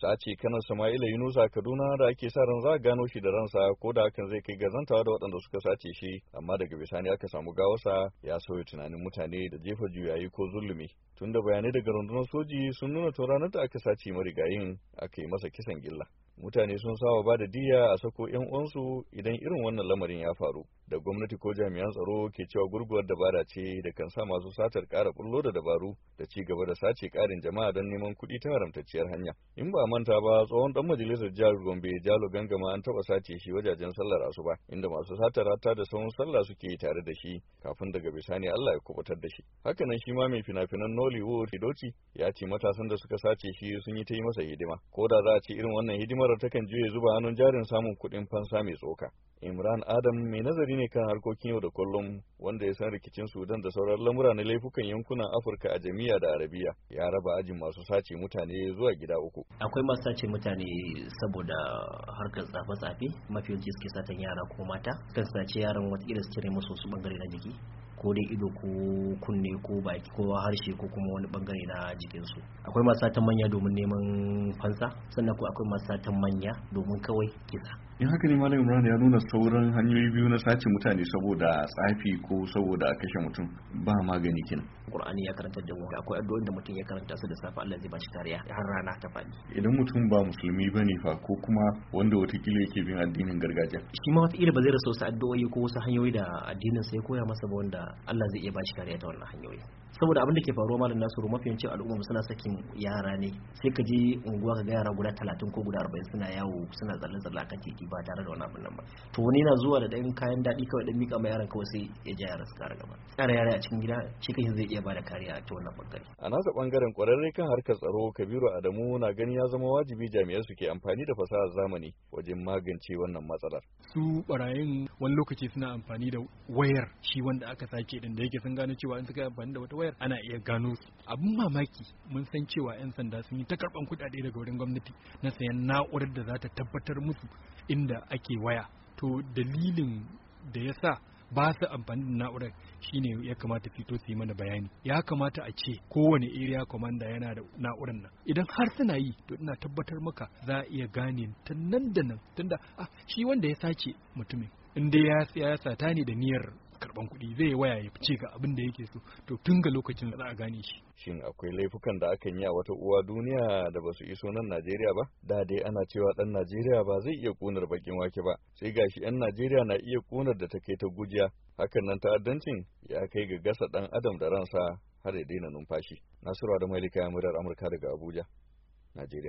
sace kanan sama'ila yunusa kaduna da ake sa ran za a gano shi da ransa ko da hakan zai kai gazantawa da waɗanda suka sace shi amma daga bisani aka samu gawarsa ya sauya tunanin mutane da jefa juyayi ko zulumi tun da bayanai daga rundunar soji sun nuna ta ranar da aka sace marigayin aka yi masa kisan gilla mutane sun sawa ba da diya a sako yan uwansu idan irin wannan lamarin ya faru da gwamnati ko jami'an tsaro ke cewa gurguwar dabara ce da kan sa masu satar ƙara bullo da dabaru da ci gaba da sace ƙarin jama'a don neman kuɗi ta haramtacciyar hanya in ba manta ba tsohon dan majalisar jihar Gombe Jalo Gangama an taba sace shi wajajen sallar asuba inda masu sata rata da sauran sallah suke tare da shi kafin daga bisani Allah ya kubutar da shi. Hakanan shi ma mai fina-finan Nollywood Hidoci ya ce matasan da suka sace shi sun yi ta yi masa hidima. Ko da za a ce irin wannan hidimar kan juya zuba hannun jarin samun kuɗin fansa mai tsoka. Imran Adam mai nazari ne kan harkokin yau da kullum wanda ya san rikicin Sudan da sauran lamura na laifukan yankunan Afirka a jami'a da Arabiya ya raba ajin masu sace mutane zuwa gida uku. akwai masu sace mutane saboda harkar tsafe-tsafe mafi yanzu suke satan yara ko mata kan sace yaran irin su cire musu wasu bangare na jiki ko dai ido ko kunne ko baki ko harshe ko kuma wani bangare na jikinsu akwai masu satan manya domin neman fansa sannan ko akwai masu satan manya domin kawai kisa in haka ne malam imran ya nuna sauran hanyoyi biyu na sace mutane saboda tsafi ko saboda kashe mutum ba magani kin qur'ani ya karanta da wanda akwai addu'o'in da mutum ya karanta su da safe Allah zai ba shi kariya har rana ta fadi idan mutum ba musulmi bane fa ko kuma wanda watakila yake bin addinin gargajiya shi ma wataƙila ba zai rasa wasu addu'o'i ko wasu hanyoyi da addinin sai koya masa ba wanda Allah zai iya ba shi kariya ta wannan hanyoyi saboda abin da ke faruwa malam nasiru mafi yawancin al'umma suna sakin yara ne sai ka je unguwa ka ga yara guda talatin ko guda arba'in suna yawo suna tsalle tsalle kan titi ba tare da wani abin nan ba to wani yana zuwa da ɗan kayan daɗi kawai ɗan miƙa ma yaran kawai sai ya ja yaran su gaba tsara yara a cikin gida shi zai iya bada kariya a ta wannan ɓangare. a nasa ɓangaren ƙwararre kan harkar tsaro kabiru adamu na gani ya zama wajibi jami'an su ke amfani da fasahar zamani wajen magance wannan matsalar. su ɓarayin wani lokaci suna amfani da wayar shi wanda aka sake din da yake sun gano cewa in suka amfani da wata wayar ana iya gano su abin mamaki mun san cewa 'yan sanda sun yi ta karɓan kuɗaɗe daga wurin gwamnati na sayan na'urar da za ta tabbatar musu inda ake waya to dalilin da ya sa ba su amfani da na'urar shine ya kamata fito su yi mana bayani ya kamata a ce kowane area commander yana da na'urar nan idan har suna yi to ina tabbatar maka za a iya gane ta nan da nan tunda ah, shi wanda ya sace mutumin in dai ya sata ne da niyyar karban kuɗi zai waya ya fice ga abin da yake so to tun ga lokacin da za a gane shi shin akwai laifukan da akan yi a wata uwa duniya da ba su iso nan Najeriya ba da dai ana cewa ɗan Najeriya ba zai iya kunar bakin wake ba sai gashi yan Najeriya na iya kunar da ta kai ta gujiya hakan nan ta'addancin ya kai ga gasa ɗan adam da ransa har ya daina numfashi Nasiru da Malika ya murar Amurka daga Abuja Najeriya